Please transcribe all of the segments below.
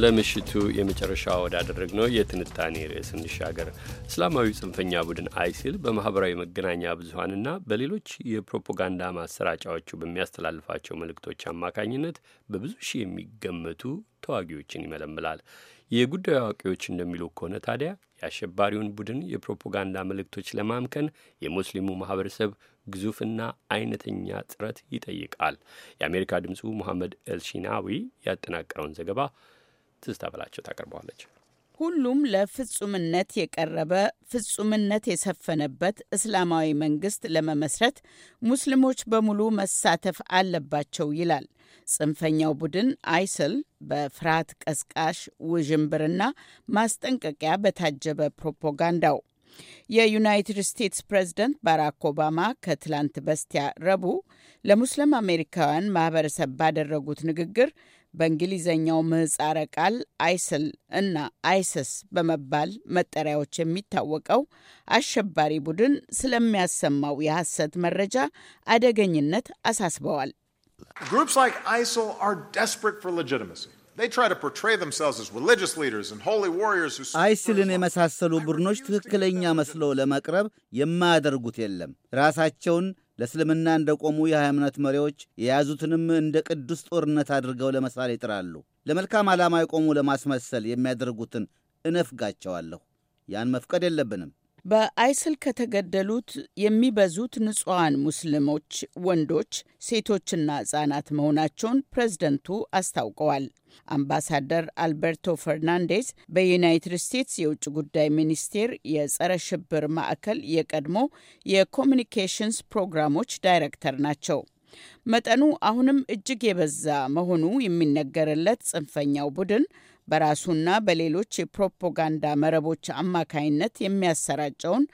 ለምሽቱ የመጨረሻ ነው የትንታኔ ርዕስ እንሻገር። እስላማዊ ጽንፈኛ ቡድን አይሲል በማህበራዊ መገናኛ ብዙሀንና በሌሎች የፕሮፓጋንዳ ማሰራጫዎቹ በሚያስተላልፋቸው መልእክቶች አማካኝነት በብዙ ሺህ የሚገመቱ ተዋጊዎችን ይመለምላል። የጉዳዩ አዋቂዎች እንደሚሉ ከሆነ ታዲያ የአሸባሪውን ቡድን የፕሮፓጋንዳ መልእክቶች ለማምከን የሙስሊሙ ማህበረሰብ ግዙፍና አይነተኛ ጥረት ይጠይቃል። የአሜሪካ ድምፁ መሐመድ ኤልሺናዊ ያጠናቀረውን ዘገባ ትዝታ በላቸው ታቀርበዋለች። ሁሉም ለፍጹምነት የቀረበ ፍጹምነት የሰፈነበት እስላማዊ መንግስት ለመመስረት ሙስሊሞች በሙሉ መሳተፍ አለባቸው ይላል ጽንፈኛው ቡድን አይስል በፍርሃት ቀስቃሽ ውዥንብርና ማስጠንቀቂያ በታጀበ ፕሮፓጋንዳው የዩናይትድ ስቴትስ ፕሬዝደንት ባራክ ኦባማ ከትላንት በስቲያ ረቡዕ ለሙስሊም አሜሪካውያን ማህበረሰብ ባደረጉት ንግግር በእንግሊዘኛው ምህጻረ ቃል አይስል እና አይስስ በመባል መጠሪያዎች የሚታወቀው አሸባሪ ቡድን ስለሚያሰማው የሐሰት መረጃ አደገኝነት አሳስበዋል። አይስልን የመሳሰሉ ቡድኖች ትክክለኛ መስለው ለመቅረብ የማያደርጉት የለም። ራሳቸውን ለእስልምና እንደ ቆሙ የሃይማኖት መሪዎች የያዙትንም እንደ ቅዱስ ጦርነት አድርገው ለመሳል ይጥራሉ። ለመልካም ዓላማ የቆሙ ለማስመሰል የሚያደርጉትን እነፍጋቸዋለሁ። ያን መፍቀድ የለብንም። በአይስል ከተገደሉት የሚበዙት ንጹሐን ሙስሊሞች ወንዶች፣ ሴቶችና ህጻናት መሆናቸውን ፕሬዝደንቱ አስታውቀዋል። አምባሳደር አልበርቶ ፈርናንዴዝ በዩናይትድ ስቴትስ የውጭ ጉዳይ ሚኒስቴር የጸረ ሽብር ማዕከል የቀድሞ የኮሚኒኬሽንስ ፕሮግራሞች ዳይሬክተር ናቸው። መጠኑ አሁንም እጅግ የበዛ መሆኑ የሚነገርለት ጽንፈኛው ቡድን በራሱና በሌሎች የፕሮፓጋንዳ መረቦች አማካይነት የሚያሰራጨውን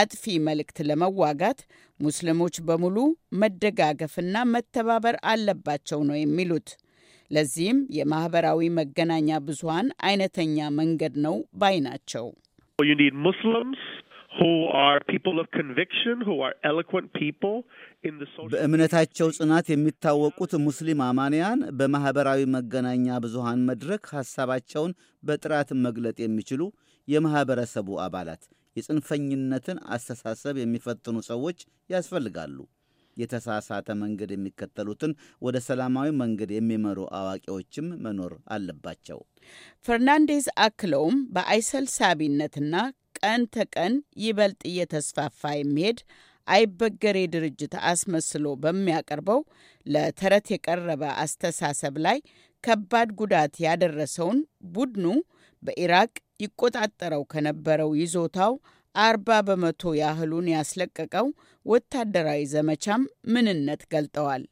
አጥፊ መልእክት ለመዋጋት ሙስሊሞች በሙሉ መደጋገፍና መተባበር አለባቸው ነው የሚሉት። ለዚህም የማህበራዊ መገናኛ ብዙሃን አይነተኛ መንገድ ነው ባይ ናቸው። ሙስሊምስ who are people of conviction, who are eloquent people in the social በእምነታቸው ጽናት የሚታወቁት ሙስሊም አማንያን በማህበራዊ መገናኛ ብዙሃን መድረክ ሐሳባቸውን በጥራት መግለጥ የሚችሉ የማህበረሰቡ አባላት፣ የጽንፈኝነትን አስተሳሰብ የሚፈትኑ ሰዎች ያስፈልጋሉ። የተሳሳተ መንገድ የሚከተሉትን ወደ ሰላማዊ መንገድ የሚመሩ አዋቂዎችም መኖር አለባቸው። ፈርናንዴዝ አክለውም በአይሰል ሳቢነትና ቀን ተቀን ይበልጥ እየተስፋፋ የሚሄድ አይበገሬ ድርጅት አስመስሎ በሚያቀርበው ለተረት የቀረበ አስተሳሰብ ላይ ከባድ ጉዳት ያደረሰውን ቡድኑ በኢራቅ ይቆጣጠረው ከነበረው ይዞታው አርባ በመቶ ያህሉን ያስለቀቀው ወታደራዊ ዘመቻም ምንነት ገልጠዋል።